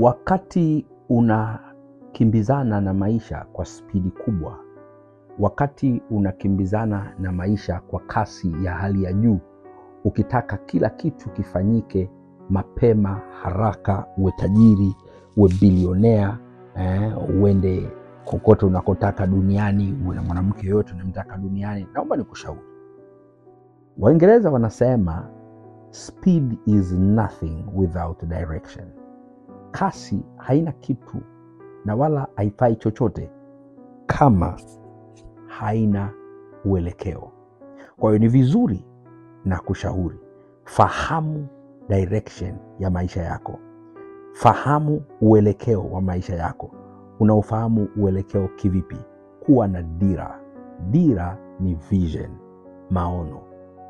Wakati unakimbizana na maisha kwa spidi kubwa, wakati unakimbizana na maisha kwa kasi ya hali ya juu, ukitaka kila kitu kifanyike mapema, haraka, uwe tajiri, uwe bilionea eh, uende kokote unakotaka duniani, uwe na mwanamke yoyote unamtaka duniani, naomba nikushauri. Waingereza wanasema speed is nothing without direction kasi haina kitu na wala haifai chochote kama haina uelekeo. Kwa hiyo ni vizuri na kushauri, fahamu direction ya maisha yako, fahamu uelekeo wa maisha yako. Unaofahamu uelekeo kivipi? Kuwa na dira. Dira ni vision, maono.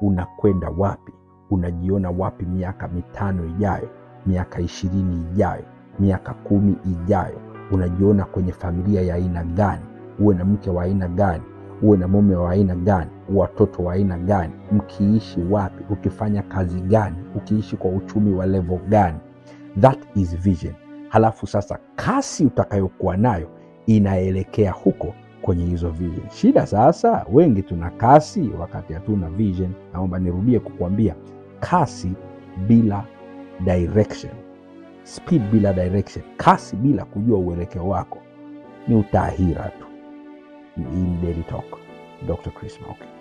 Unakwenda wapi? Unajiona wapi miaka mitano ijayo? miaka ishirini ijayo, miaka kumi ijayo, unajiona kwenye familia ya aina gani? Uwe na mke wa aina gani? Uwe na mume wa aina gani? Watoto wa aina gani? Mkiishi wapi? Ukifanya kazi gani? Ukiishi kwa uchumi wa levo gani? That is vision. Halafu sasa kasi utakayokuwa nayo inaelekea huko kwenye hizo vision. Shida sasa, wengi tuna kasi wakati hatuna vision. Naomba nirudie kukuambia, kasi bila direction. Speed bila direction, kasi bila kujua uelekeo wako ni utahira tu. Hii ni Daily Talk, Dr. Chris Mauki.